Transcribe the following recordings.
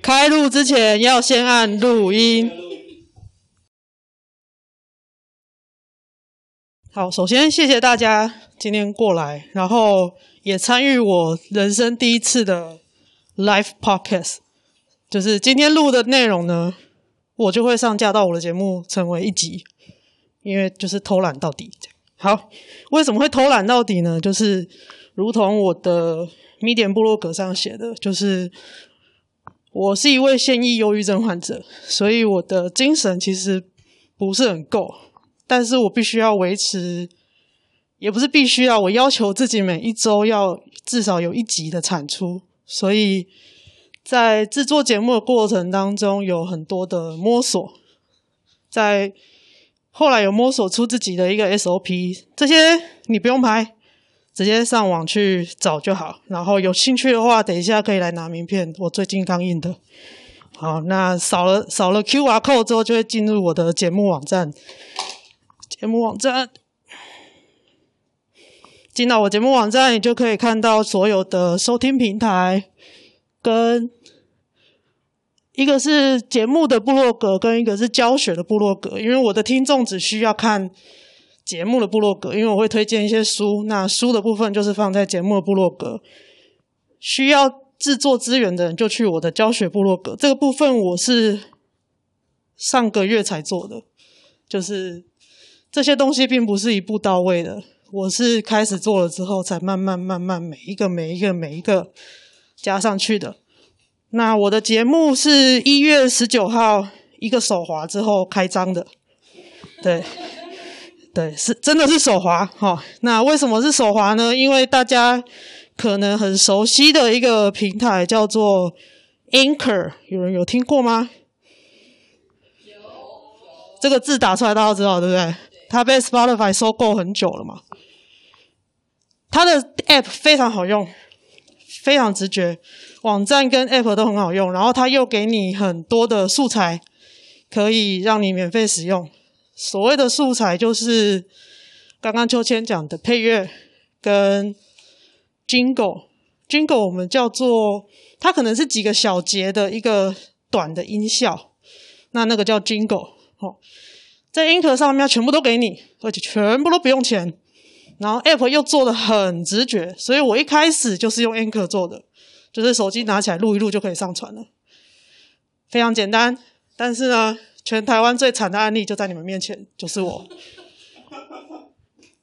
開錄之前要先按錄音。好，首先謝謝大家今天過來，然後也參與我人生第一次的 Live Podcast，就是今天錄的內容呢，我就會上架到我的節目，成為一集。因為就是偷懶到底這樣。好，為什麼會偷懶到底呢？就是如同我的 Medium 部落格上寫的，就是。我是一位現役憂鬱症患者，所以我的精神其實不是很夠，但是我必須要維持，也不是必須啊，我要求自己每一周要至少有一集的產出，所以在制作節目的過程當中有很多的摸索，在後來有摸索出自己的一個 SOP，這些你不用拍。直接上網去找就好，然後有興趣的話，等一下可以來拿名片，我最近剛印的。好，那掃了，掃了 QR Code 之後，就會進入我的節目網站。節目網站，進到我節目網站，你就可以看到所有的收聽平台，跟一個是節目的部落格，跟一個是教學的部落格。因為我的聽眾只需要看。節目的部落格，因為我會推薦一些書，那書的部分就是放在節目的部落格。需要製作資源的人就去我的教學部落格。這個部分我是上個月才做的，就是這些東西並不是一步到位的，我是開始做了之後，才慢慢慢慢每一個每一個每一個加上去的。那我的節目是一月十九號一個手滑之後開張的，對。 對，是真的是手滑哈、哦。那為什麼是手滑呢？因為大家可能很熟悉的一個平台叫做 Anchor，有人有聽過嗎？有。有這個字打出來大家知道對不對？對。它被 Spotify 收購很久了嘛。它的 App 非常好用，非常直覺，網站跟 App 都很好用，然後它又給你很多的素材，可以讓你免費使用。所謂的素材就是剛剛秋千講的配樂跟 jingle，jingle Jing 我們叫做它可能是幾個小節的一個短的音效，那那個叫 jingle 哦，在 Anchor 上面要全部都給你，而且全部都不用錢，然後 App 又做的很直覺，所以我一開始就是用 Anchor 做的，就是手機拿起來錄一錄就可以上傳了，非常簡單。但是呢，全台灣最慘的案例就在你們面前，就是我。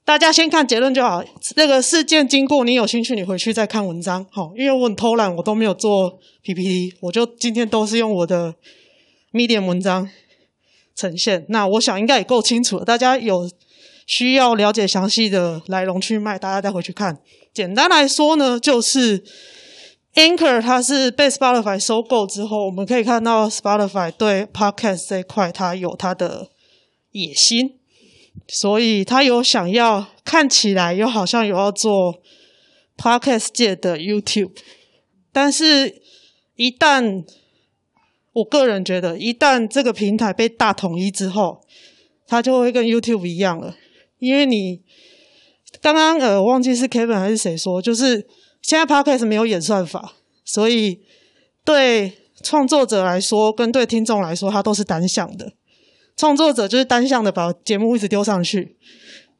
大家先看結論就好，這個事件經過你有興趣，你回去再看文章。好，因為我很偷懶，我都沒有做 PPT，我就今天都是用我的 Medium 文章呈現。那我想應該也夠清楚了。大家有需要了解詳細的來龍去脈，大家再回去看。簡單來說呢，就是。Anchor 它是被 Spotify 收購之後，我們可以看到 Spotify 對 Podcast 這一塊它有它的野心，所以它有想要看起來又好像有要做 Podcast 界的 YouTube，但是一旦我個人覺得一旦這個平台被大統一之後，它就會跟 YouTube 一樣了，因為你剛剛呃忘記是 Kevin 還是誰說就是。現在 Podcast 沒有演算法，所以對創作者來說跟對聽眾來說，它都是單向的。創作者就是單向的把節目一直丟上去，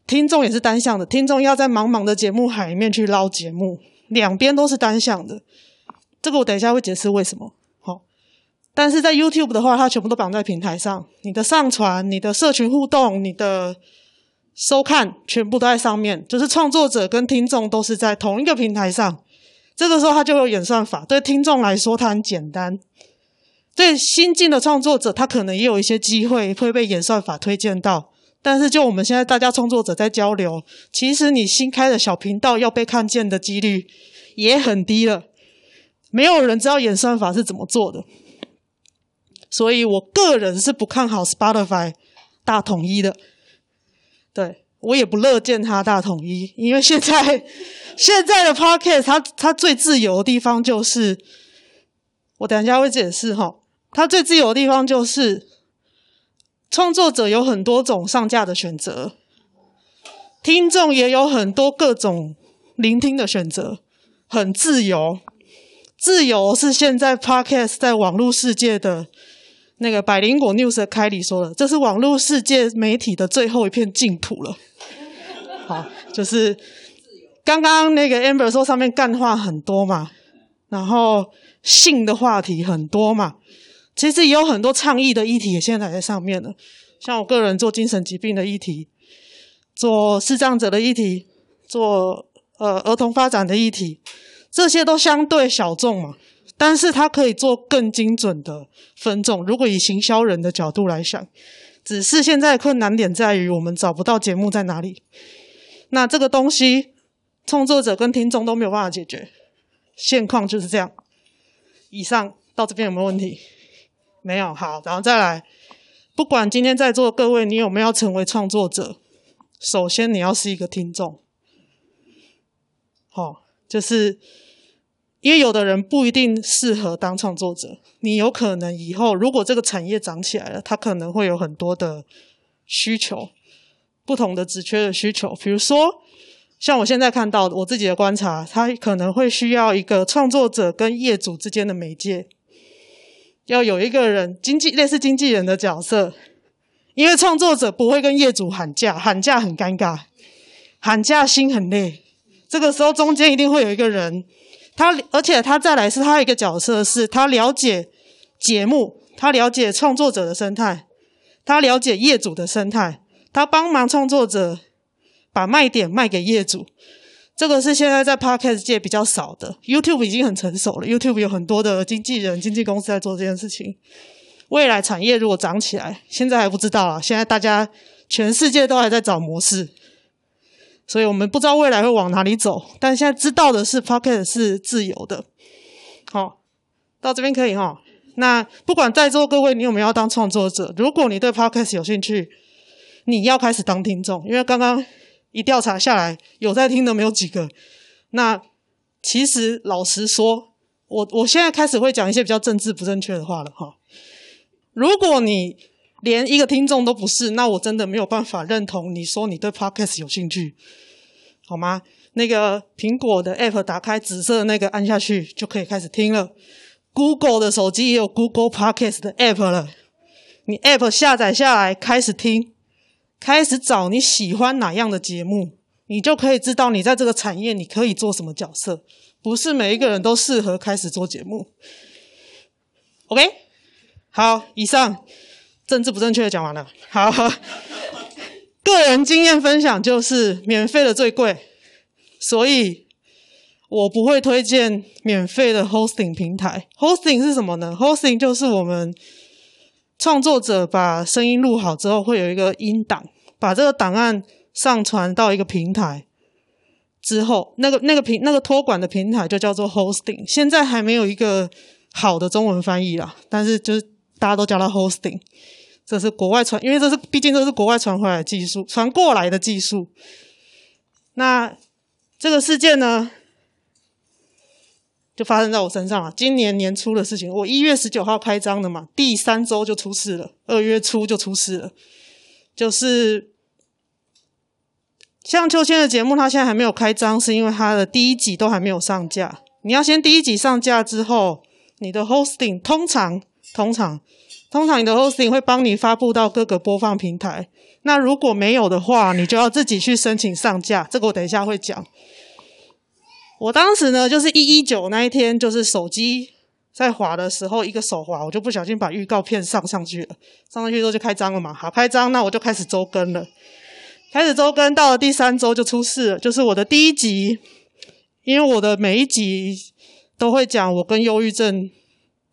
聽眾也是單向的，聽眾要在茫茫的節目海裡面去撈節目，兩邊都是單向的。這個我等一下會解釋為什麼。好、哦，但是在 YouTube 的話，它全部都綁在平台上，你的上傳、你的社群互動、你的。收看全部都在上面，就是創作者跟聽眾都是在同一個平台上。這個時候，他就會有演算法。對聽眾來說，他很簡單；對新進的創作者，他可能也有一些機會會被演算法推薦到。但是，就我們現在大家創作者在交流，其實你新開的小頻道要被看見的幾率也很低了。沒有人知道演算法是怎麼做的，所以我個人是不看好 Spotify 大統一的。對，我也不樂見他大統一，因為現在現在的 Podcast 它它最自由的地方就是，我等一下會解釋哈，它最自由的地方就是創作者有很多種上架的選擇，聽眾也有很多各種聆聽的選擇，很自由。自由是現在 Podcast 在網絡世界的。那個百靈果 News 的凱莉說了：“這是網絡世界媒體的最後一片淨土了。”好，就是剛剛那個 Amber 說上面幹話很多嘛，然後性的話題很多嘛，其實也有很多倡議的議題也現在在上面了，像我個人做精神疾病的議題，做視障者的議題，做呃兒童發展的議題，這些都相對小眾嘛。但是它可以做更精準的分眾。如果以行銷人的角度來想，只是現在困難點在於我們找不到節目在哪裡。那這個東西創作者跟聽眾都沒有辦法解決，現況就是這樣。以上到這邊有沒有問題？沒有，好，然後再來。不管今天在座的各位你有沒有成為創作者，首先你要是一個聽眾。好、哦，就是。因為有的人不一定適合當創作者，你有可能以後如果這個產業長起來了，他可能會有很多的需求，不同的職缺的需求。比如說，像我現在看到我自己的觀察，他可能會需要一個創作者跟業主之間的媒介，要有一個人經紀，類似經紀人的角色，因為創作者不會跟業主喊價，喊價很尷尬，喊價心很累，這個時候中間一定會有一個人。他，而且他再來是他一個角色，是他了解節目，他了解創作者的生態，他了解業主的生態，他幫忙創作者把賣點賣給業主。這個是現在在 Podcast 界比較少的，YouTube 已經很成熟了，YouTube 有很多的經紀人、經紀公司在做這件事情。未來產業如果漲起來，現在還不知道啊，現在大家全世界都還在找模式。所以我們不知道未來會往哪裡走，但現在知道的是 Podcast 是自由的。好，哦，到這邊可以哈，哦。那不管在座各位你有沒有要當創作者，如果你對 Podcast 有興趣，你要開始當聽眾，因為剛剛一調查下來，有在聽的沒有幾個。那其實老實說，我我現在開始會講一些比較政治不正確的話了哈，哦。如果你連一個聽眾都不是，那我真的沒有辦法認同你說你對 Podcast 有興趣，好嗎？那個蘋果的 App 打開紫色那個，按下去就可以開始聽了。Google 的手機也有 Google Podcast 的 App 了，你 App 下載下來開始聽，開始找你喜歡哪樣的節目，你就可以知道你在這個產業你可以做什麼角色。不是每一個人都適合開始做節目。OK，好，以上。政治不正確的講完了，好，個人經驗分享就是免費的最貴，所以我不會推薦免費的 hosting 平台。hosting 是什麼呢？hosting 就是我們創作者把聲音錄好之後，會有一個音檔，把這個檔案上傳到一個平台之後，那個那個平那個托管的平台就叫做 hosting。現在還沒有一個好的中文翻譯啦，但是就是大家都叫它 hosting。這是國外傳，因為這是畢竟這是國外傳回來的技術，傳過來的技術。那這個事件呢，就發生在我身上了。今年年初的事情，我一月十九號開張的嘛，第三周就出事了，二月初就出事了。就是像秋千的節目，它現在還沒有開張，是因為它的第一集都還沒有上架。你要先第一集上架之後，你的 hosting 通常通常。通常通常你的 hosting 會幫你發布到各個播放平台。那如果沒有的話，你就要自己去申請上架，這個我等一下會講。我當時呢，就是一一九那一天，就是手機在滑的時候，一個手滑，我就不小心把預告片上上去了。上上去之後就開張了嘛。好，開張，那我就開始周更了。開始周更，到了第三周就出事了，就是我的第一集，因為我的每一集都會講我跟憂鬱症。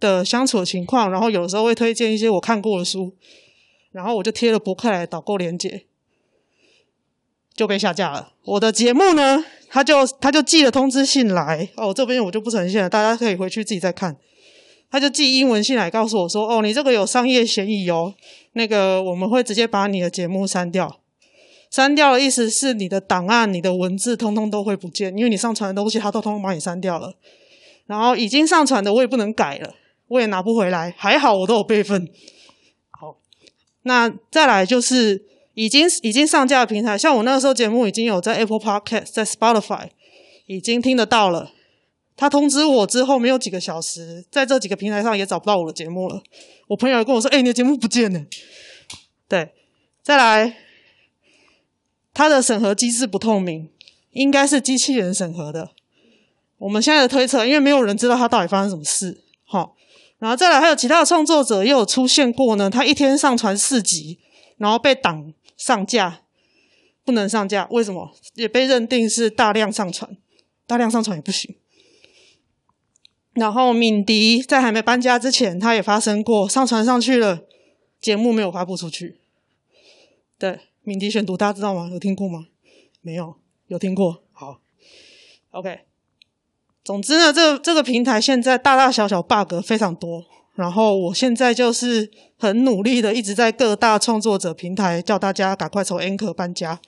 的相處的情況，然後有的時候會推薦一些我看過的書，然後我就貼了博客來導購鏈接，就被下架了。我的節目呢，他就他就寄了通知信來，哦，這邊我就不呈現了，大家可以回去自己再看。他就寄英文信來告訴我說，哦，你這個有商業嫌疑哦，那個我們會直接把你的節目刪掉。刪掉的意思是你的檔案、你的文字通通都會不見，因為你上傳的東西，他都通通把你刪掉了。然後已經上傳的我也不能改了。我也拿不回來，還好我都有備份。好，那再來就是已經已經上架的平台，像我那個時候節目已經有在 Apple Podcast、在 Spotify 已經聽得到了。他通知我之後沒有幾個小時，在這幾個平台上也找不到我的節目了。我朋友也跟我說：“哎、欸，你的節目不見了、欸。”對，再來，他的審核機制不透明，應該是機器人審核的。我們現在的推測，因為沒有人知道他到底發生什麼事。好。然後再來，還有其他的創作者也有出現過呢。他一天上傳四集，然後被擋上架，不能上架。為什麼？也被認定是大量上傳，大量上傳也不行。然後敏迪在還沒搬家之前，他也發生過上傳上去了，節目沒有發布出去。對，敏迪選讀，大家知道嗎？有聽過嗎？沒有？有聽過？好，OK。總之呢，這個、這個平台現在大大小小 bug 非常多，然後我現在就是很努力的，一直在各大創作者平台叫大家趕快從 Anchor 搬家。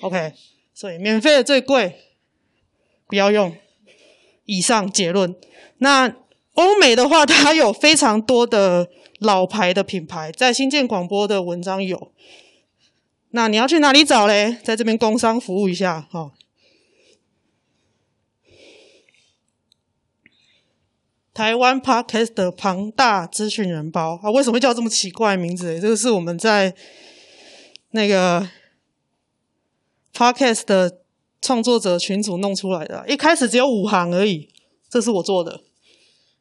OK，所以免費的最貴，不要用。以上結論。那歐美的話，它有非常多的老牌的品牌，在新建廣播的文章有。那你要去哪裡找嘞？在這邊工商服務一下，齁。台灣 Podcast 的龐大資訊人包啊，為什麼會叫這麼奇怪名字？誒，這個是我們在那個 Podcast 的創作者群組弄出來的啊。一開始只有五行而已，這是我做的。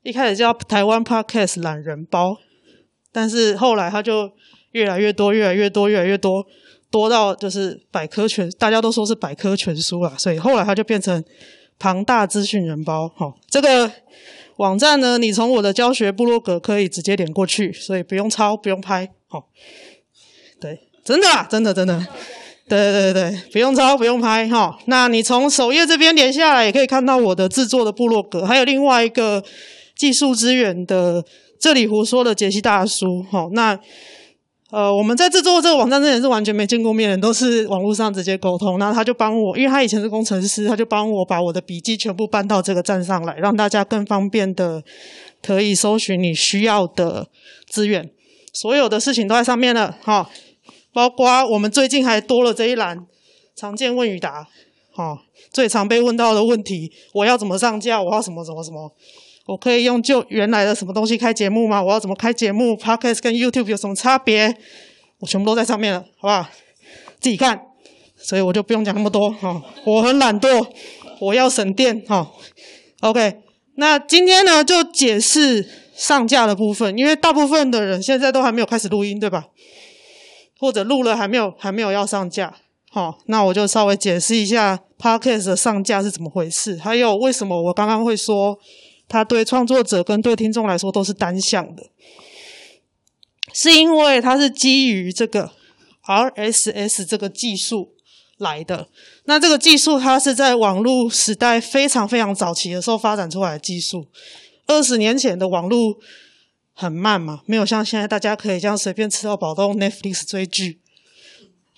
一開始叫台灣 Podcast 懶人包，但是後來它就越來越多，越來越多，越來越多，多到就是百科全，大家都說是百科全書啦。所以後來它就變成龐大資訊人包。好，哦，這個。網站呢？你從我的教學部落格，可以直接點過去，所以不用抄，不用拍，齁。對，真的，啊，真的，真的，對對對，不用抄，不用拍，齁。那你從首頁這邊連下來，也可以看到我的製作的部落格，還有另外一個技術資源的這裡胡說的杰西大叔，齁。那。呃，我們在製作這個網站之前是完全沒見過面的人，都是網絡上直接溝通。那他就幫我，因為他以前是工程師，他就幫我把我的筆記全部搬到這個站上來，讓大家更方便的可以搜尋你需要的資源。所有的事情都在上面了，哈。包括我們最近還多了這一欄，常見問與答，哈，最常被問到的問題，我要怎麼上架？我要什麼什麼什麼？我可以用就原來的什麼東西開節目嗎？我要怎麼開節目？Podcast 跟 YouTube 有什麼差別？我全部都在上面了，好不好？自己看。所以我就不用講那麼多。哦、我很懶惰，我要省電。哦、OK，那今天呢，就解釋上架的部分，因為大部分的人現在都還沒有開始錄音，對吧？或者錄了還沒有，還沒有要上架。好、哦，那我就稍微解釋一下 Podcast 的上架是怎麼回事，還有為什麼我剛剛會說。它對創作者跟對聽眾來說都是單向的，是因為它是基於這個 RSS 這個技術來的。那這個技術它是在網絡時代非常非常早期的時候發展出來的技術。二十年前的網絡很慢嘛，沒有像現在大家可以這樣隨便吃到飽都用 Netflix 追劇。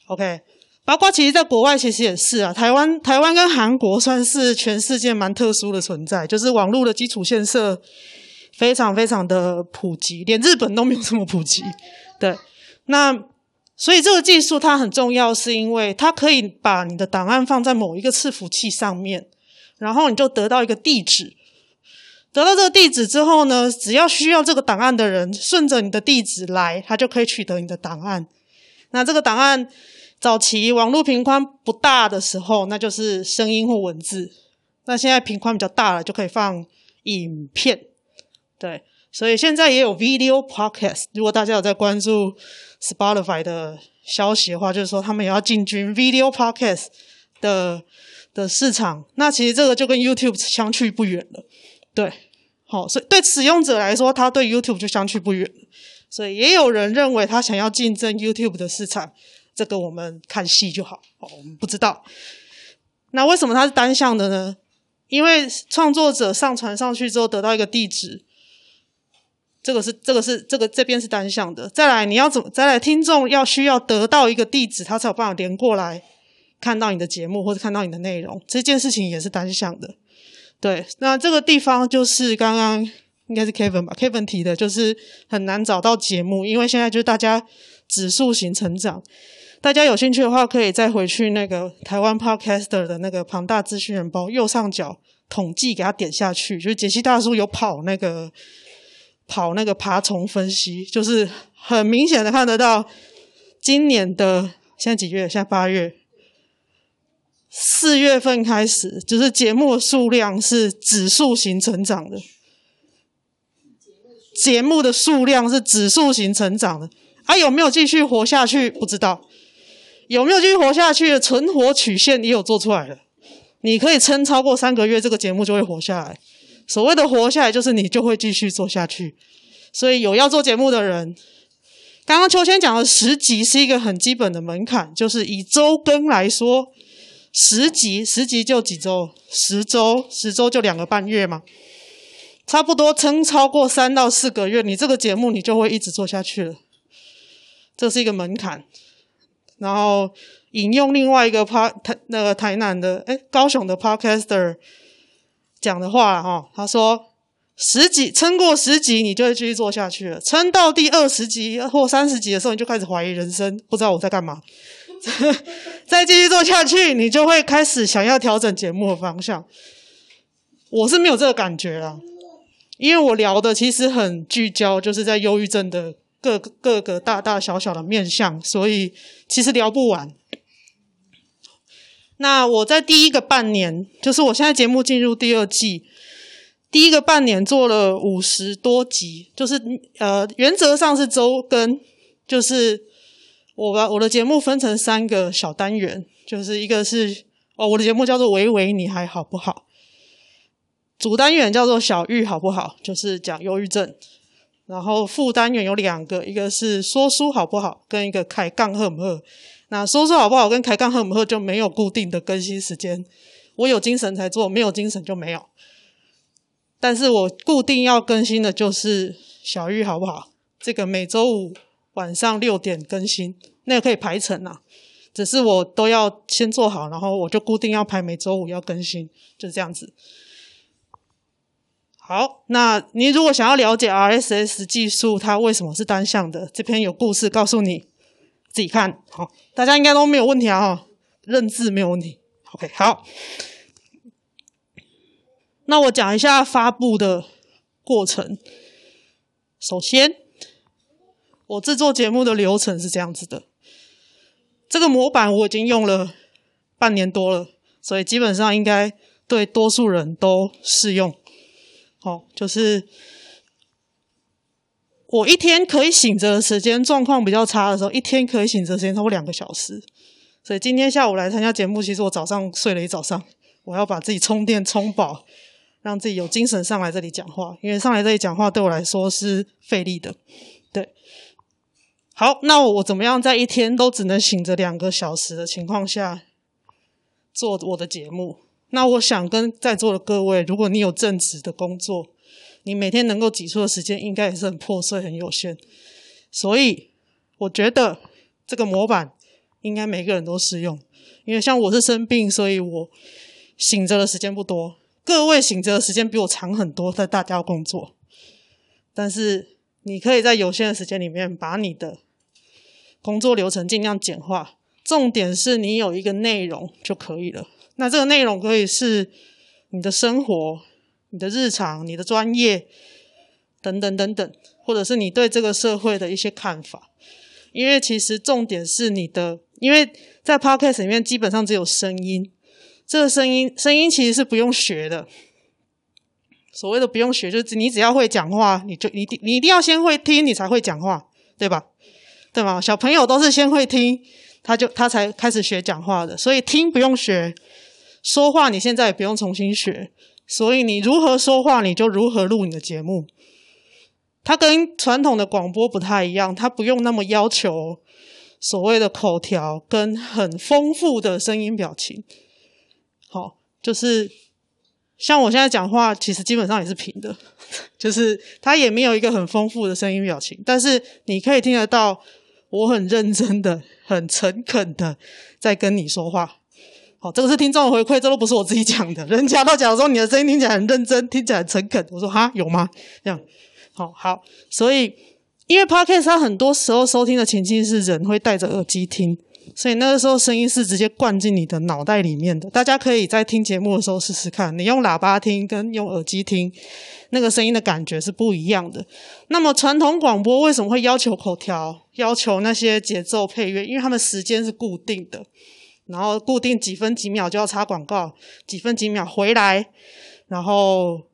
OK。包括其實在國外其實也是啊，台灣台灣跟韓國算是全世界蠻特殊的存在，就是網絡的基礎建設非常非常的普及，連日本都沒有這麼普及。對，那所以這個技術它很重要，是因為它可以把你的檔案放在某一個伺服器上面，然後你就得到一個地址。得到這個地址之後呢，只要需要這個檔案的人順着你的地址來，他就可以取得你的檔案。那這個檔案。早期網絡頻寬不大的時候，那就是聲音或文字。那現在頻寬比較大了，就可以放影片。對，所以現在也有 video podcast。如果大家有在關注 Spotify 的消息的話，就是說他們也要進軍 video podcast 的的市場。那其實這個就跟 YouTube 相去不遠了。對，好，所以對使用者來說，他對 YouTube 就相去不遠。所以也有人認為他想要競爭 YouTube 的市場。這個我們看戲就好，我們不知道。那為什麼它是單向的呢？因為創作者上傳上去之後得到一個地址，這個是這個是這個這邊是單向的。再來你要怎麼？再來聽眾要需要得到一個地址，他才有辦法連過來看到你的節目或者看到你的內容。這件事情也是單向的。對，那這個地方就是剛剛應該是 Kevin 吧，Kevin 提的就是很難找到節目，因為現在就是大家指數型成長。大家有興趣的話，可以再回去那個台灣 Podcaster 的那個龐大資訊人包右上角統計，給他點下去。就是傑西大叔有跑那個跑那個爬蟲分析，就是很明顯的看得到，今年的現在幾月？現在八月，四月份開始，就是節目的數量是指數型成長的。節目的數量是指數型成長的，啊，有沒有繼續活下去？不知道。有沒有繼續活下去的存活曲線？你有做出來的，你可以撐超過三個月，這個節目就會活下來。所謂的活下來，就是你就會繼續做下去。所以有要做節目的人，剛剛秋千講的十集是一個很基本的門檻，就是以周更來說，十集十集就幾週，十周十周就兩個半月嘛，差不多撐超過三到四個月，你這個節目你就會一直做下去了。這是一個門檻。然後引用另外一個台台那個台南的，哎，高雄的 podcaster 講的話哈、哦，他說十集，撐過十集你就會繼續做下去了；撐到第二十集或三十集的時候，你就開始懷疑人生，不知道我在幹嘛。再，再繼續做下去，你就會開始想要調整節目的方向。我是沒有這個感覺啦，因為我聊的其實很聚焦，就是在憂鬱症的。各個各個大大小小的面向，所以其實聊不完。那我在第一個半年，就是我現在節目進入第二季，第一個半年做了五十多集，就是呃，原則上是周更，就是我把我的節目分成三個小單元，就是一個是哦，我的節目叫做《維維你還好不好》，主單元叫做《小玉好不好》，就是講憂鬱症。然後副單元有兩個，一個是說書好不好，跟一個抬槓赫姆赫。那說書好不好跟抬槓赫姆赫就沒有固定的更新時間，我有精神才做，沒有精神就沒有。但是我固定要更新的就是小玉好不好？這個每周五晚上六點更新，那個可以排程啊。只是我都要先做好，然後我就固定要排每周五要更新，就這樣子。好，那你如果想要了解 RSS 技術，它為什麼是單向的？這篇有故事告訴你，自己看。好，大家應該都沒有問題啊，認字沒有問題。OK，好，那我講一下發布的過程。首先，我製作節目的流程是這樣子的。這個模板我已經用了半年多了，所以基本上應該對多數人都適用。好、哦，就是我一天可以醒着的時間，狀況比較差的時候，一天可以醒着時間超過兩個小時。所以今天下午來參加節目，其實我早上睡了一早上，我要把自己充電充飽，讓自己有精神上來這裡講話。因為上來這裡講話對我來說是費力的，對。好，那我怎麼樣在一天都只能醒着兩個小時的情況下，做我的節目？那我想跟在座的各位，如果你有正職的工作，你每天能夠擠出的時間應該也是很破碎、很有限。所以，我覺得這個模板應該每個人都適用。因為像我是生病，所以我醒着的時間不多。各位醒着的時間比我長很多，在大家工作。但是你可以在有限的時間裡面，把你的工作流程盡量簡化。重點是你有一個內容就可以了。那這個內容可以是你的生活、你的日常、你的專業等等等等，或者是你對這個社會的一些看法。因為其實重點是你的，因為在 Podcast 裡面基本上只有聲音，這個聲音聲音其實是不用學的。所謂的不用學，就是你只要會講話，你就一定你，你一定要先會聽，你才會講話，對吧？對嗎？小朋友都是先會聽，他就他才開始學講話的，所以聽不用學。說話你現在也不用重新學，所以你如何說話，你就如何錄你的節目。它跟傳統的廣播不太一樣，它不用那麼要求所謂的口條跟很豐富的聲音表情。好，就是像我現在講話，其實基本上也是平的，就是他也沒有一個很豐富的聲音表情，但是你可以聽得到我很認真的、很誠懇的在跟你說話。哦，這個是聽眾的回饋，這都不是我自己講的。人家都講的時候，你的聲音聽起來很認真，聽起來很誠懇。我說哈，有嗎？這樣，好、哦、好。所以，因為 Podcast 它很多時候收聽的情境是人會戴着耳機聽，所以那個時候聲音是直接灌進你的腦袋裡面的。大家可以在聽節目的時候試試看，你用喇叭聽跟用耳機聽，那個聲音的感覺是不一樣的。那麼傳統廣播為什麼會要求口條，要求那些節奏配樂？因為他們時間是固定的。然後固定幾分幾秒就要插廣告，幾分幾秒回來，然後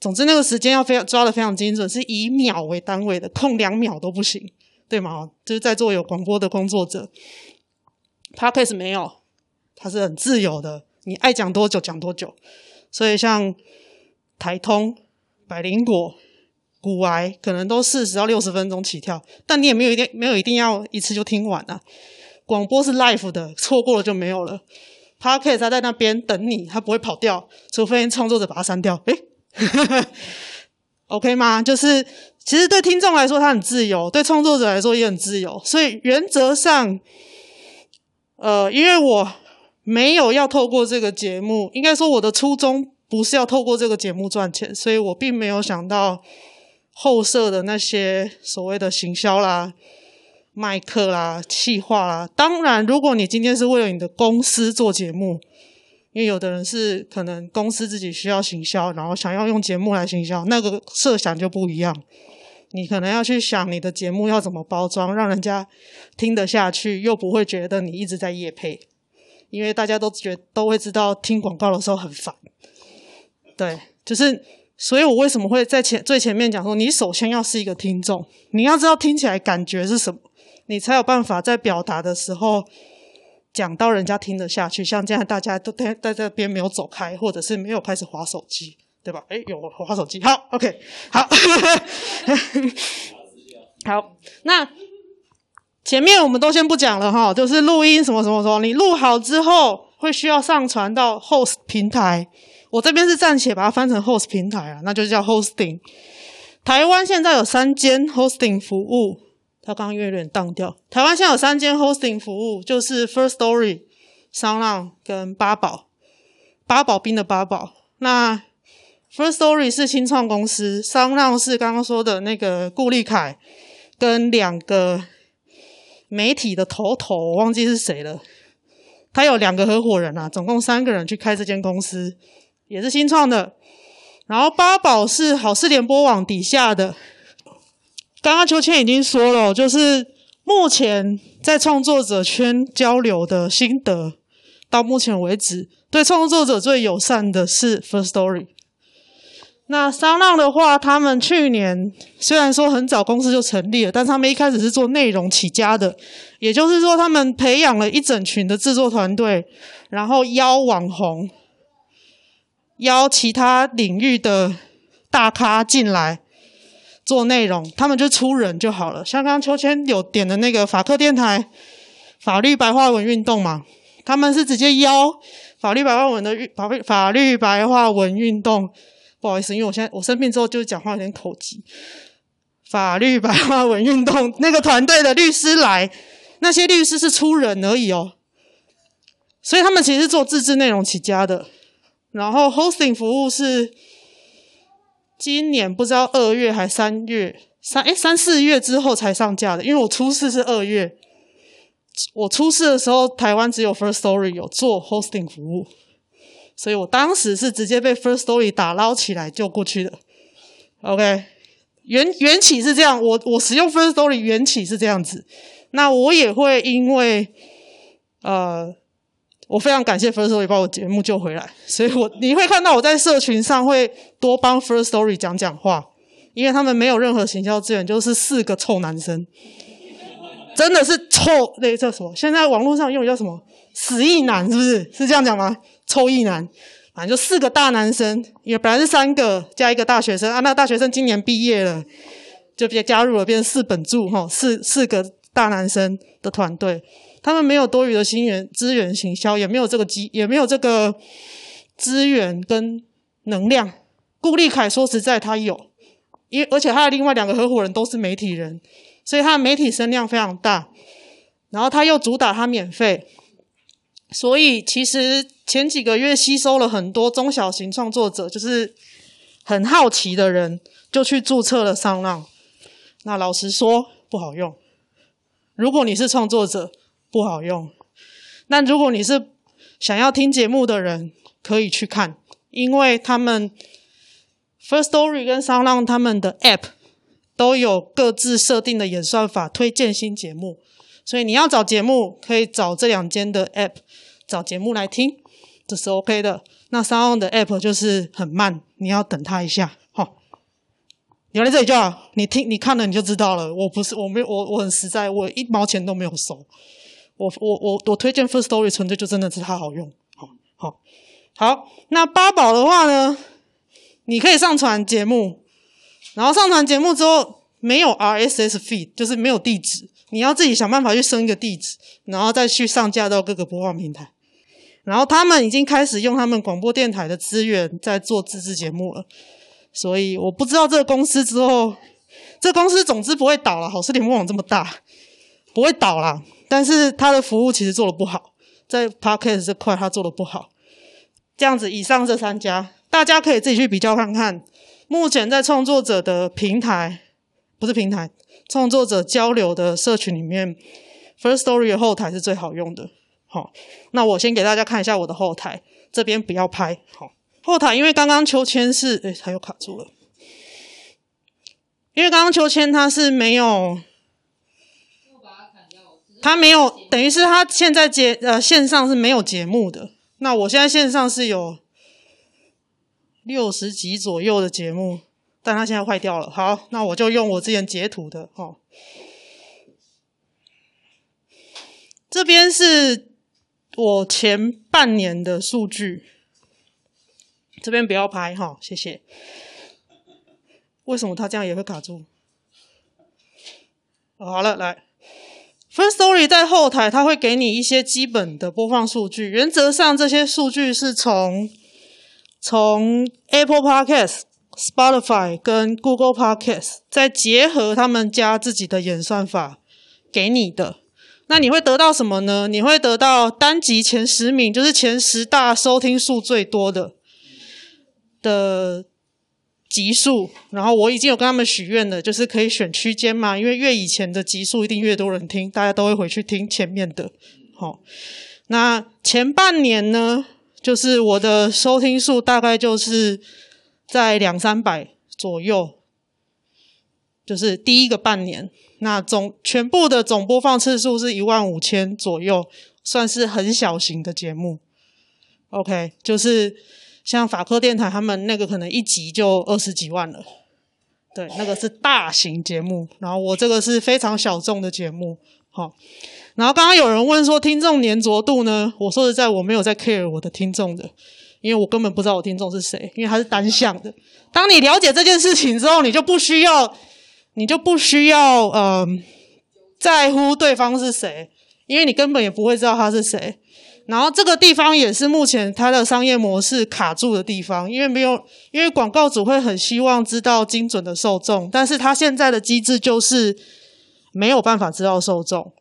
總之那個時間要非常抓得非常精準，是以秒為單位的，空兩秒都不行，對嗎？就是在座有廣播的工作者 Podcast 沒有，它是很自由的，你愛講多久講多久。所以像台通、百靈果、股癌，可能都四十到六十分鐘起跳，但你也沒有一定沒有一定要一次就聽完啊。廣播是 live 的，錯過了就沒有了。Podcast 他在那邊等你，他不會跑掉，除非創作者把他刪掉。哎 ，OK 嗎？就是其實對聽眾來說他很自由，對創作者來說也很自由。所以原則上，呃，因為我沒有要透過這個節目，應該說我的初衷不是要透過這個節目賺錢，所以我並沒有想到後設的那些所謂的行銷啦。麥克啦、企劃啦。當然，如果你今天是為了你的公司做節目，因為有的人是可能公司自己需要行銷，然後想要用節目來行銷，那個設想就不一樣。你可能要去想你的節目要怎麼包裝，讓人家聽得下去，又不會覺得你一直在業配，因為大家都覺得都會知道聽廣告的時候很煩。對，就是，所以我為什麼會在前，最前面講說，你首先要是一個聽眾，你要知道聽起來感覺是什麼。你才有辦法在表達的時候講到人家聽得下去。像這樣大家都待在這邊沒有走開，或者是沒有開始滑手機，對吧？哎、欸，有滑手機。好，OK，好，好， 好。那前面我們都先不講了哈，就是錄音什麼什麼什麼，你錄好之後會需要上傳到 host 平台。我這邊是暫且把它翻成 host 平台啊，那就叫 hosting。台灣現在有三間 hosting 服務。他剛剛又有點盪掉。台灣現在有三間 hosting 服務，就是 Firstory、聲浪跟八寶。八寶冰的八寶。那 Firstory 是新創公司，聲浪是剛剛說的那個顧立楷跟兩個媒體的頭頭，我忘記是誰了。他有兩個合夥人啊，總共三個人去開這間公司，也是新創的。然後八寶是好事聯播網底下的。剛剛秋千已經說了，就是目前在創作者圈交流的心得，到目前為止，對創作者最友善的是 Firstory。那 SoundOn 的話，他們去年雖然說很早公司就成立了，但是他們一開始是做內容起家的，也就是說，他們培養了一整群的製作團隊，然後邀網紅、邀其他領域的大咖進來。做內容，他們就出人就好了。像剛剛秋千，有點的那個法客電台法律白話文運動嘛，他們是直接邀法律白話文的法法律白話文運動，不好意思，因為我現在我生病之後就講話有點口疾。法律白話文運動那個團隊的律師來，那些律師是出人而已哦。所以他們其實是做自制內容起家的，然後 hosting 服務是。今年不知道二月還三月三欸三四月之後才上架的。因為我出事，是二月，我出事的時候台灣只有 First Story 有做 Hosting 服務，所以我當時是直接被 First Story 打撈起來就過去的。OK，緣緣起是這樣，我我使用 First Story 緣起是這樣子，那我也會因為呃。我非常感謝 Firstory 把我節目救回來，所以我你會看到我在社群上會多幫 Firstory 講講話，因為他們沒有任何行銷資源，就是四個臭男生，真的是臭那叫什麼？現在網絡上用的叫什麼？死異男是不是？是這樣講嗎？臭異男，反正就四個大男生，因為本來是三個加一個大學生啊，那個、大學生今年畢業了，就別加入了，變四本住齁，四四個。大男生的團隊，他們沒有多餘的薪源資源行銷，也沒有這個機，也沒有這個資源跟能量。顧立楷說實在，他有，因為而且他的另外兩個合夥人都是媒體人，所以他的媒體聲量非常大。然後他又主打他免費，所以其實前幾個月吸收了很多中小型創作者，就是很好奇的人就去注冊了聲浪。那老實說，不好用。如果你是創作者，不好用；那如果你是想要聽節目的人，可以去看，因為他們 Firstory 跟 SoundOn 他們的 App 都有各自設定的演算法推薦新節目，所以你要找節目，可以找這兩間的 App 找節目來聽，這是 OK 的。那 SoundOn 的 App 就是很慢，你要等他一下。原來這裡就，你聽你看了你就知道了。我不是我沒有我我很實在，我一毛錢都沒有收。我我我我推薦 Firstory，純粹就真的是它好用。好好好，那八寶的話呢，你可以上傳節目，然後上傳節目之後沒有 RSS feed，就是沒有地址，你要自己想辦法去升一個地址，然後再去上架到各個播放平台。然後他們已經開始用他們廣播電台的資源在做自制節目了。所以我不知道這個公司之後，這公司總之不會倒啦。好，是聯合網這麼大，不會倒啦，但是他的服務其實做的不好，在 Podcast 這塊他做的不好。這樣子，以上這三家，大家可以自己去比較看看。目前在創作者的平台，不是平台，創作者交流的社群裡面，Firstory 的後台是最好用的。好、哦，那我先給大家看一下我的後台，這邊不要拍，好、哦。後台，因為剛剛秋千是，哎，他又卡住了。因為剛剛秋千它是沒有，它沒有，等於是它現在節呃線上是沒有節目的。那我現在線上是有六十集左右的節目，但它現在壞掉了。好，那我就用我之前截圖的，哦。這邊是我前半年的數據。這邊不要拍哈、哦，謝謝。為什麼它這樣也會卡住？好了，來，Firstory 在後台它會給你一些基本的播放數據，原則上這些數據是從從 Apple Podcast、Spotify 跟 Google Podcast 再結合他們家自己的演算法給你的。那你會得到什麼呢？你會得到單集前十名，就是前十大收聽數最多的。的集數，然後我已經有跟他們許願了，就是可以選區間嘛，因為越以前的集數一定越多人聽，大家都會回去聽前面的。好、哦，那前半年呢，就是我的收聽數大概就是在兩三百左右，就是第一個半年。那總全部的總播放次數是一萬五千左右，算是很小型的節目。OK，就是。像法客電台，他們那個可能一集就二十幾萬了，對，那個是大型節目。然後我這個是非常小眾的節目，好。然後剛剛有人問說，聽眾黏着度呢？我說實在，我沒有在 care 我的聽眾的，因為我根本不知道我聽眾是誰，因為他是單向的。當你了解這件事情之後，你就不需要，你就不需要嗯、呃、在乎對方是誰，因為你根本也不會知道他是誰。然後這個地方也是目前它的商業模式卡住的地方，因為沒有，因為廣告主會很希望知道精準的受眾，但是他現在的機制就是沒有辦法知道受眾，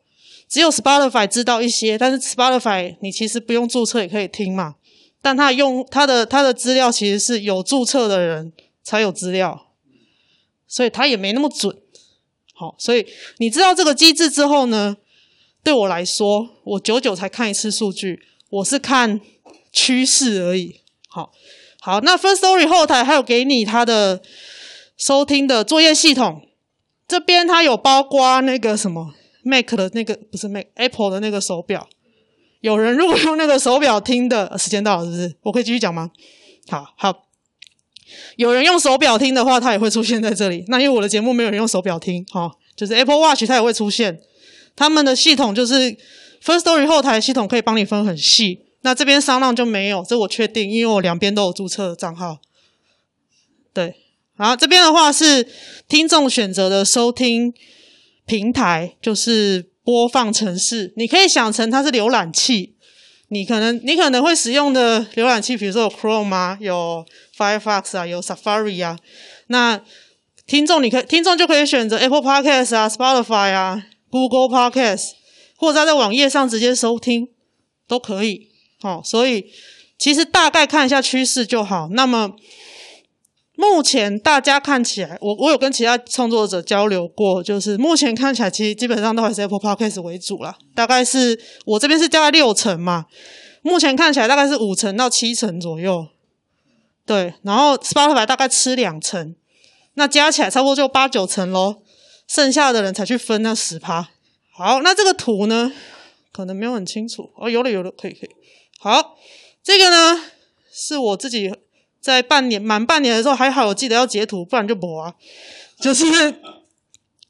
只有 Spotify 知道一些，但是 Spotify 你其實不用注冊也可以聽嘛，但他用他的他的資料其實是有注冊的人才有資料，所以他也沒那麼準。好，所以你知道這個機制之後呢，對我來說，我久久才看一次數據，我是看趨勢而已。好，好，那 Firstory 後台還有給你他的收聽的作業系統，這邊它有包括那個什麼 Mac 的那個，不是 Mac，Apple 的那個手錶。有人如果用那個手錶聽的時間到了，是不是？我可以繼續講嗎？好好，有人用手錶聽的話，它也會出現在這裡。那因為我的節目沒有人用手錶聽，好、哦，就是 Apple Watch 它也會出現。他們的系統就是 First Story 後台系統可以幫你分很細，那這邊商 o 就沒有，這我確定，因為我兩邊都有注冊的賬號。對，好，這邊的話是聽眾選擇的收聽平台，就是播放城市，你可以想成它是瀏覽器。你可能你可能會使用的瀏覽器，比如說有 Chrome 啊，有 Firefox 啊，有 Safari 啊。那聽眾你可以聽眾就可以選擇 Apple Podcast 啊，Spotify 啊。Google Podcast 或者他在網頁上直接收聽都可以。好、哦，所以其實大概看一下趨勢就好。那麼目前大家看起來，我我有跟其他創作者交流過，就是目前看起來其實基本上都還是 Apple Podcast 為主啦。大概是我這邊是加了六成嘛，目前看起來大概是五成到七成左右。對，然後 Spotify 大概吃兩成，那加起來差不多就八九成嘍。剩下的人才去分那十趴。好，那這個圖呢，可能沒有很清楚。哦，有了有了，可以可以。好，這個呢，是我自己在半年滿半年的時候，還好我記得要截圖，不然就沒了。就是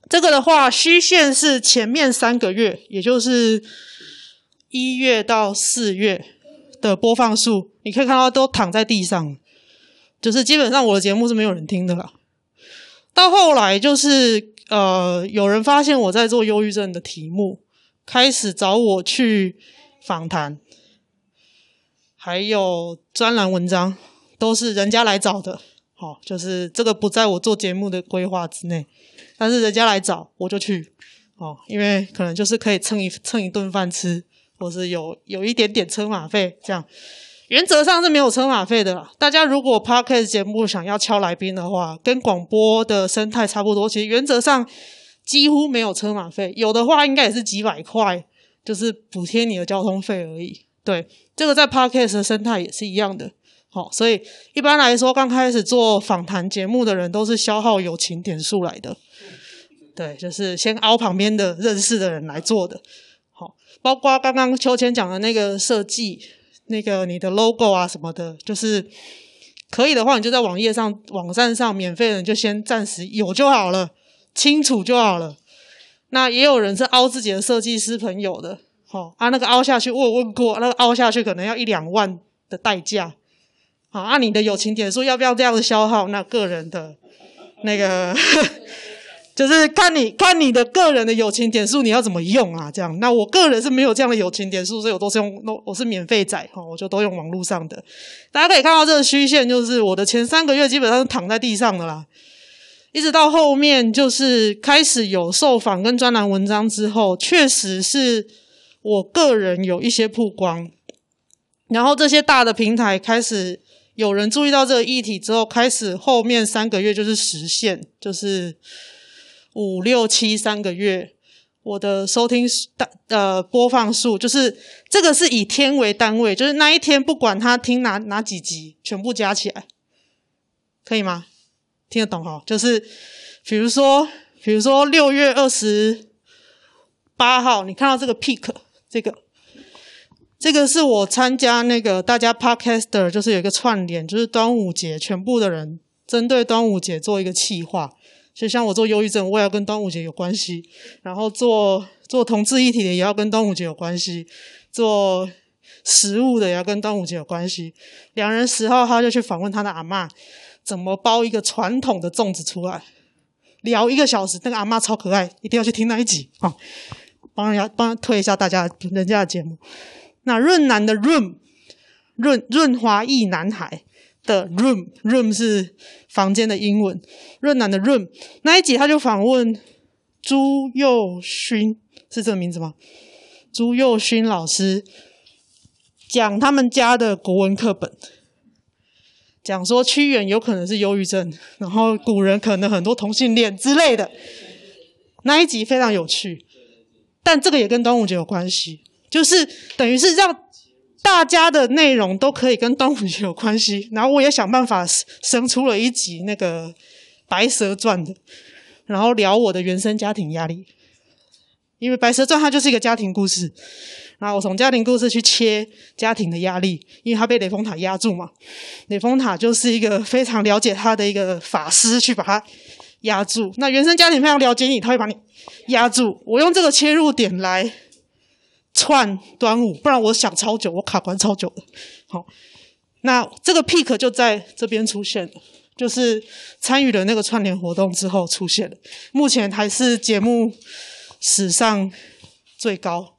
這個的話，虛線是前面三個月，也就是一月到四月的播放數，你可以看到都躺在地上，就是基本上我的節目是沒有人聽的啦。到後來就是。呃，有人發現我在做憂鬱症的題目，開始找我去訪談，還有專欄文章，都是人家來找的。哦，就是這個不在我做節目的規劃之內，但是人家來找我就去。哦，因為可能就是可以蹭一蹭一頓飯吃，或是有有一點點車馬費這樣。原則上是沒有車馬費的啦。大家如果 podcast 節目想要敲來賓的話，跟廣播的生態差不多，其實原則上幾乎沒有車馬費，有的話應該也是幾百塊，就是補貼你的交通費而已。對，這個在 podcast 的生態也是一樣的。好、哦，所以一般來說，剛開始做訪談節目的人都是消耗友情點數來的。對，就是先凹旁邊的認識的人來做的。好、哦，包括剛剛秋千講的那個設計。那個你的 logo 啊什麼的，就是可以的話，你就在網頁上、網站上免費的，你就先暫時有就好了，清楚就好了。那也有人是凹自己的設計師朋友的，好，啊那個凹下去，我問過，那個凹下去可能要一兩萬的代價，好，按你的友情點數要不要這樣子消耗那個人的那個。 就是看你看你的個人的友情點數，你要怎麼用啊？這樣，那我個人是沒有這樣的友情點數，所以我都是用，我是免費仔。哈，我就都用網絡上的。大家可以看到這個虛線，就是我的前三個月基本上是躺在地上的啦，一直到後面就是開始有受訪跟專欄文章之後，確實是我個人有一些曝光，然後這些大的平台開始有人注意到這個議題之後，開始後面三個月就是實線，就是。五六七三個月，我的收聽數、呃播放數，就是這個是以天為單位，就是那一天不管他聽哪哪幾集，全部加起來，可以嗎？聽得懂哈？就是比如說，比如說六月二十八號，你看到這個 peak，這個這個是我參加那個大家 podcaster，就是有一個串聯，就是端午節，全部的人針對端午節做一個企劃。就像我做憂鬱症，我也要跟端午節有關係；然後做做同志議題的也要跟端午節有關係，做食物的也要跟端午節有關係。兩人十號他就去訪問他的阿嬤，怎麼包一個傳統的粽子出來，聊一個小時。那個阿嬤超可愛，一定要去聽那一集啊！幫人家幫推一下大家人家的節目。那潤南的潤潤潤華一男孩。的 room room 是房間的英文，潤男的 room 那一集他就訪問朱宥勳，是這個名字嗎？朱宥勳老師講他們家的國文課本，講說屈原有可能是憂鬱症，然後古人可能很多同性戀之類的，那一集非常有趣，但這個也跟端午節有關係，就是等於是讓。大家的內容都可以跟端午節有關係，然後我也想辦法生出了一集那個《白蛇傳》的，然後聊我的原生家庭壓力，因為《白蛇傳》它就是一個家庭故事，然後我從家庭故事去切家庭的壓力，因為它被雷峰塔壓住嘛，雷峰塔就是一個非常了解他的一個法師去把它壓住，那原生家庭非常了解你，他會把你壓住，我用這個切入點來。串端午，不然我想超久，我卡關超久的。好，那這個 peak 就在這邊出現了，就是參與了那個串聯活動之後出現了。目前還是節目史上最高，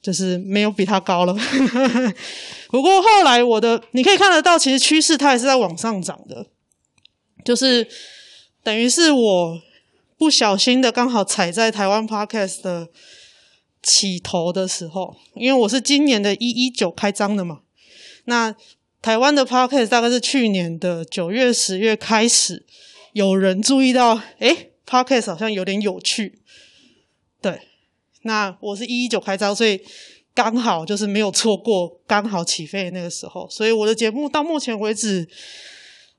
就是沒有比它高了。 不過後來我的，你可以看得到，其實趨勢它也是在往上漲的，就是等於是我不小心的剛好踩在台灣 Podcast 的。起頭的時候，因為我是今年的一一九開張的嘛，那台灣的 Podcast 大概是去年的九月、十月開始有人注意到，誒，Podcast 好像有點有趣。對，那我是一一九開張，所以剛好就是沒有錯過剛好起飛的那個時候，所以我的節目到目前為止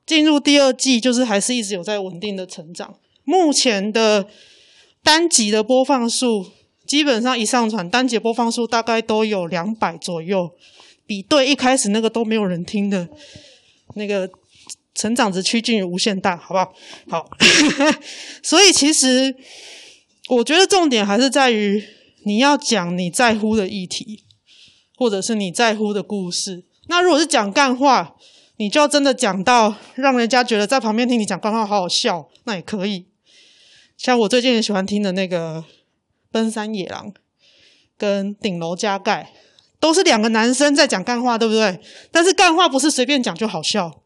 進入第二季，就是還是一直有在穩定的成長。目前的單集的播放數。基本上一上傳單節播放數大概都有兩百左右，比對一開始那個都沒有人聽的那個，成長值趨近於無限大，好不好？好， 所以其實我覺得重點還是在於你要講你在乎的議題，或者是你在乎的故事。那如果是講幹話，你就要真的講到讓人家覺得在旁邊聽你講幹話好好笑，那也可以。像我最近很喜歡聽的那個。奔山野狼跟頂樓加蓋都是兩個男生在講幹話，對不對？但是幹話不是隨便講就好笑，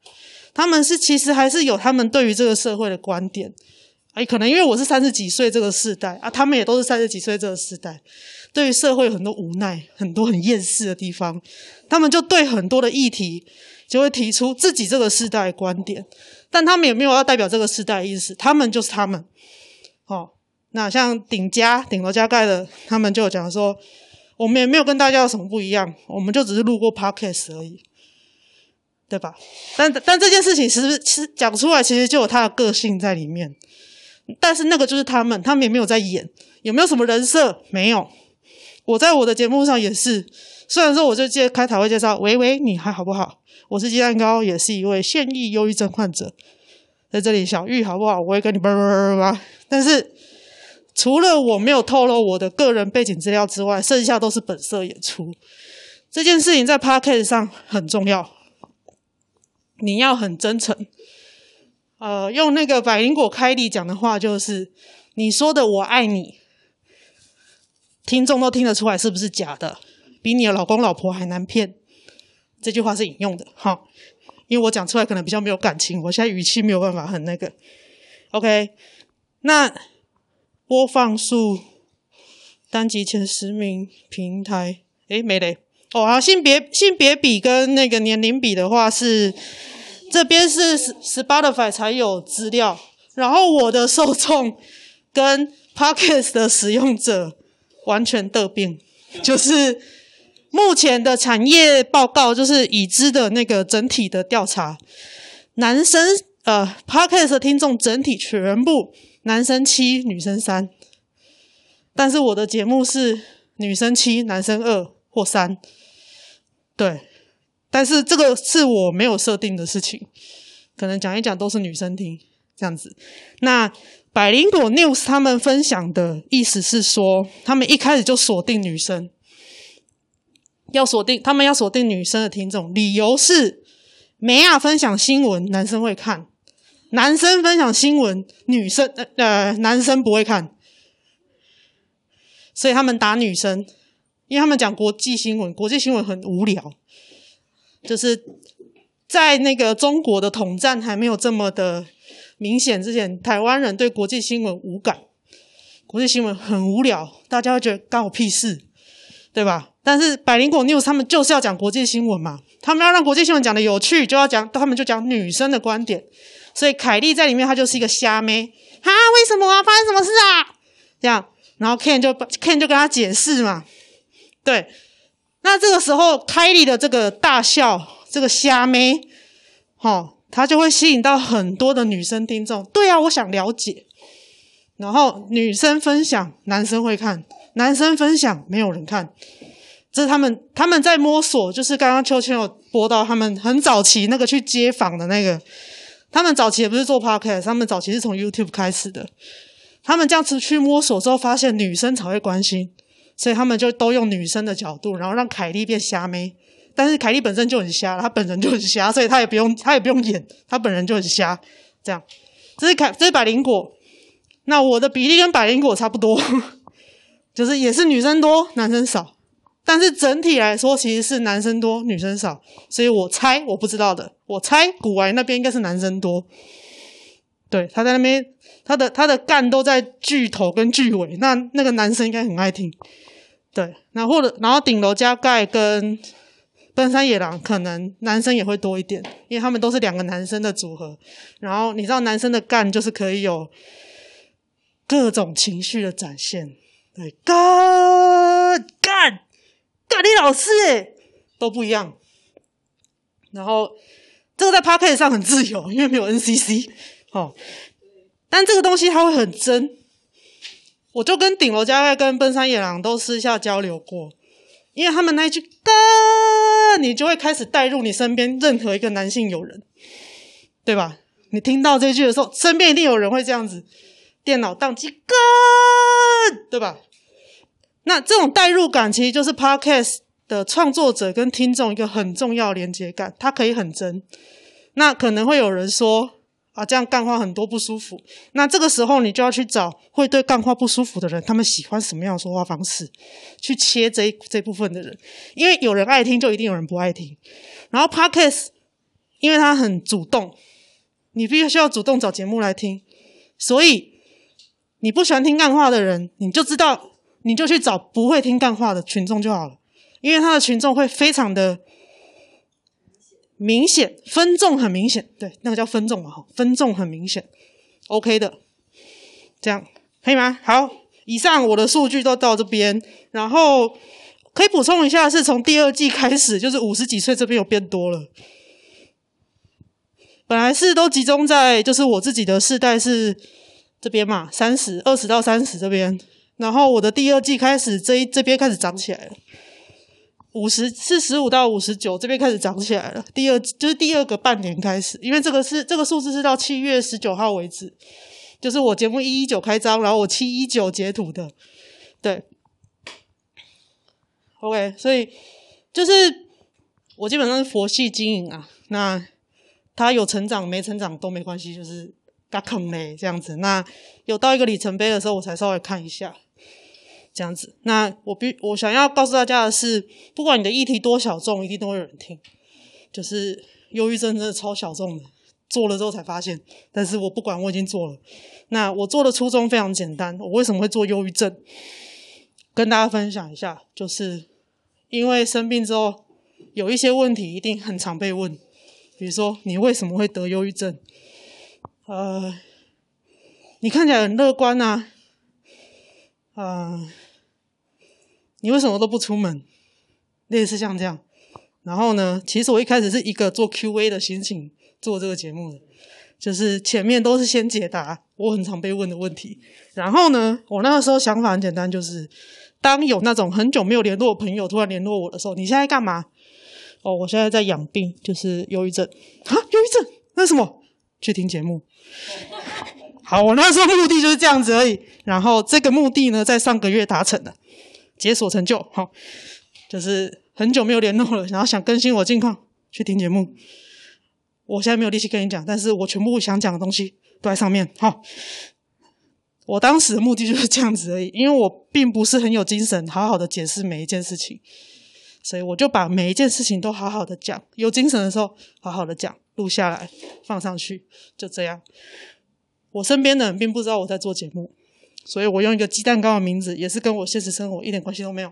他們是其實還是有他們對於這個社會的觀點。哎、欸，可能因為我是三十幾歲這個世代啊，他們也都是三十幾歲這個世代，對於社會很多無奈、很多很厭世的地方，他們就對很多的議題就會提出自己這個世代的觀點，但他們也沒有要代表這個世代的意思，他們就是他們，哦。那像頂加頂樓加蓋的，他們就講說，我們也沒有跟大家有什麼不一樣，我們就只是路過 Podcast 而已，對吧？但但這件事情是不是其實其實講出來，其實就有他的個性在裡面。但是那個就是他們，他們也沒有在演，有沒有什麼人設？沒有。我在我的節目上也是，雖然說我就介開台會介紹，喂喂你還好，好不好？我是雞蛋糕，也是一位現役憂鬱症患者，在這裡小玉好不好？我會跟你叭叭叭叭叭，但是。除了我沒有透露我的個人背景資料之外，剩下都是本色演出。這件事情在 podcast 上很重要，你要很真誠。呃，用那個百靈果凱莉講的話就是：“你說的我愛你，聽眾都聽得出來是不是假的？比你的老公老婆還難騙。”這句話是引用的，齁，因為我講出來可能比較沒有感情，我現在語氣沒有辦法很那個。OK，那。播放數單集前十名平台，哎、欸、沒嘞，哦啊，性別性別比跟那個年齡比的話是，這邊是 Spotify 才有資料，然後我的受眾跟 Podcast 的使用者完全得病。就是目前的產業報告就是已知的那個整體的調查，男生呃 Podcast 的聽眾整體全部。男生七，女生三，但是我的節目是女生七，男生二或三，對，但是這個是我沒有設定的事情，可能講一講都是女生聽這樣子。那百靈果 news 他們分享的意思是說，他們一開始就鎖定女生，要鎖定他們要鎖定女生的聽眾，理由是梅亞分享新聞，男生會看。男生分享新聞，女生呃男生不會看，所以他們打女生，因為他們講國際新聞，國際新聞很無聊，就是在那個中國的統戰還沒有這麼的明顯之前，台灣人對國際新聞無感，國際新聞很無聊，大家會覺得幹我屁事，對吧？但是百靈果 news 他們就是要講國際新聞嘛，他們要讓國際新聞講得有趣，就要講他們就講女生的觀點。所以凱莉在裡面，她就是一個瞎妹啊？為什麼啊？發生什麼事啊？這樣，然後 Ken 就 Ken 就跟他解釋嘛，對。那這個時候凱莉的這個大笑，這個瞎妹，齁，她就會吸引到很多的女生聽眾。對啊，我想了解。然後女生分享，男生會看；男生分享，沒有人看。這是他們他們在摸索，就是剛剛秋千有播到他們很早期那個去街訪的那個。他們早期也不是做 podcast，他們早期是從 YouTube 開始的。他們這樣子去摸索之後，發現女生才會關心，所以他們就都用女生的角度，然後讓凱莉變瞎妹。但是凱莉本身就很瞎，她本人就很瞎，所以她也不用，她也不用演，她本人就很瞎。這樣，這是凱，這是百靈果。那我的比例跟百靈果差不多， 就是也是女生多，男生少。但是整體來說，其實是男生多，女生少。所以我猜，我不知道的，我猜古玩那邊應該是男生多。對，他在那邊，他的他的幹都在句頭跟句尾，那那個男生應該很愛聽。對，然後或者然後頂樓加蓋跟奔山野狼，可能男生也會多一點，因為他們都是兩個男生的組合。然後你知道，男生的幹就是可以有各種情緒的展現。對，幹幹。咖喱老師哎，都不一樣。然後這個在 Podcast 上很自由，因為沒有 NCC 哦。但這個東西它會很真。我就跟頂樓加蓋跟奔山野狼都私下交流過，因為他們那一句「哥」，你就會開始帶入你身邊任何一個男性友人，對吧？你聽到這句的時候，身邊一定有人會這樣子，電腦當機「哥」，對吧？那這種代入感，其實就是 podcast 的創作者跟聽眾一個很重要的連接感，它可以很真。那可能會有人說：“啊，這樣幹話很多不舒服。”那這個時候你就要去找會對幹話不舒服的人，他們喜歡什麼樣的說話方式，去切這一這部分的人。因為有人愛聽，就一定有人不愛聽。然後 podcast 因為它很主動，你必須要主動找節目來聽，所以你不喜歡聽幹話的人，你就知道。你就去找不會聽乾話的群眾就好了，因為他的群眾會非常的明顯分眾，很明顯，對，那個叫分眾嘛，分眾很明顯，OK 的，這樣可以嗎？好，以上我的數據都到這邊，然後可以補充一下，是從第二季開始，就是五十幾歲這邊有變多了，本來是都集中在就是我自己的世代是這邊嘛，三十二十到三十這邊。然後我的第二季開始，這一這邊開始漲起來了，五十四十五到五十九，這邊開始漲起來了。第二就是第二個半年開始，因為這個是這個數字是到七月十九號為止，就是我節目一一九開張，然後我七一九截圖的，對，OK，所以就是我基本上是佛系經營啊，那他有成長沒成長都沒關係，就是。嘎坑嘞，這樣子，那有到一個里程碑的時候，我才稍微看一下，這樣子。那我比我想要告訴大家的是，不管你的議題多小眾，一定都會有人聽。就是憂鬱症真的超小眾的，做了之後才發現。但是我不管，我已經做了。那我做的初衷非常簡單，我為什麼會做憂鬱症，跟大家分享一下，就是因為生病之後，有一些問題一定很常被問，比如說你為什麼會得憂鬱症？呃，你看起來很樂觀吶、啊，啊、呃，你為什麼都不出門？類似像這樣，然後呢，其實我一開始是一個做 Q&A 的心情做這個節目的，就是前面都是先解答我很常被問的問題。然後呢，我那個時候想法很簡單，就是當有那種很久沒有聯絡的朋友突然聯絡我的時候，你現在幹嘛？哦，我現在在養病，就是憂鬱症。啊，憂鬱症，那什麼？去聽節目，好，我那時候的目的就是這樣子而已。然後這個目的呢，在上個月達成了，解鎖成就，好，就是很久沒有聯絡了，然後想更新我近況，去聽節目。我現在沒有力氣跟你講，但是我全部想講的東西都在上面。好，我當時的目的就是這樣子而已，因為我並不是很有精神，好好的解釋每一件事情，所以我就把每一件事情都好好的講，有精神的時候好好的講。錄下來，放上去，就這樣。我身邊的人並不知道我在做節目，所以我用一個雞蛋糕的名字，也是跟我現實生活一點關係都沒有。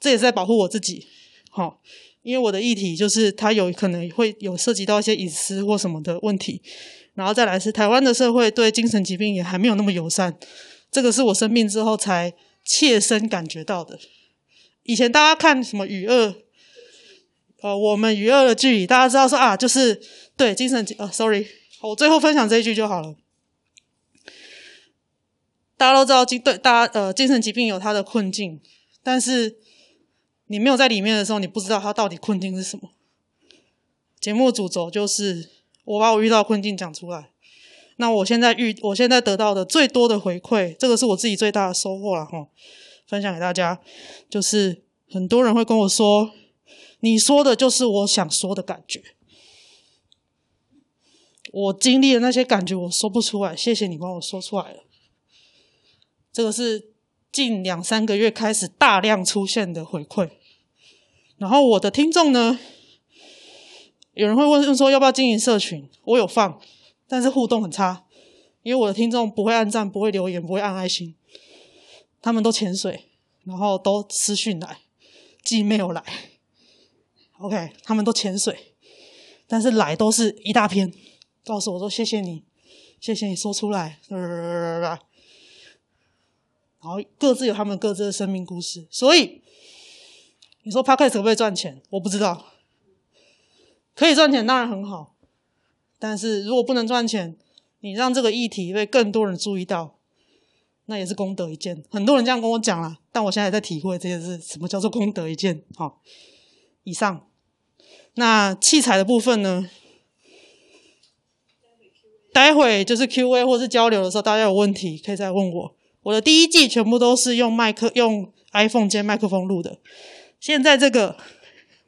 這也是在保護我自己，好，因為我的議題就是它有可能會有涉及到一些隱私或什麼的問題。然後再來是，台灣的社會對精神疾病也還沒有那麼友善，這個是我生病之後才切身感覺到的。以前大家看什麼與惡。呃，我們娛樂的距離，大家知道說啊，就是對精神疾呃，啊，sorry，我最後分享這一句就好了。大家都知道，精對大家呃，精神疾病有它的困境，但是你沒有在裡面的時候，你不知道它到底困境是什麼。節目主軸就是我把我遇到困境講出來。那我現在遇，我現在得到的最多的回饋，這個是我自己最大的收穫了哈。分享給大家，就是很多人會跟我說。你說的就是我想說的感覺，我經歷的那些感覺我說不出來，謝謝你幫我說出來了。這個是近兩三個月開始大量出現的回饋。然後我的聽眾呢，有人會問，問說要不要經營社群？我有放，但是互動很差，因為我的聽眾不會按讚，不會留言，不會按愛心，他們都潛水，然後都私訊來，寄 mail 來。OK，他們都潛水，但是來都是一大片。告訴我，我說：“謝謝你，謝謝你說出來。呃呃呃呃呃呃”然後各自有他們各自的生命故事。所以你說 Podcast 可不可以賺錢？我不知道，可以賺錢當然很好，但是如果不能賺錢，你讓這個議題被更多人注意到，那也是功德一件。很多人這樣跟我講了，啊，但我現在還在體會這件事，什麼叫做功德一件？哈、哦。以上，那器材的部分呢？待會，待會就是 QA 或是交流的時候，大家有問題可以再問我。我的第一季全部都是用麥克、用 iPhone 接麥克風錄的。現在這個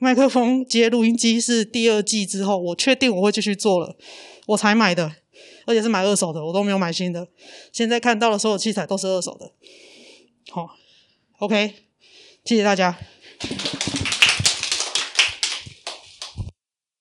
麥克風接錄音機是第二季之後，我確定我會繼續做了，我才買的，而且是買二手的，我都沒有買新的。現在看到的所有器材都是二手的。好、哦，OK，謝謝大家。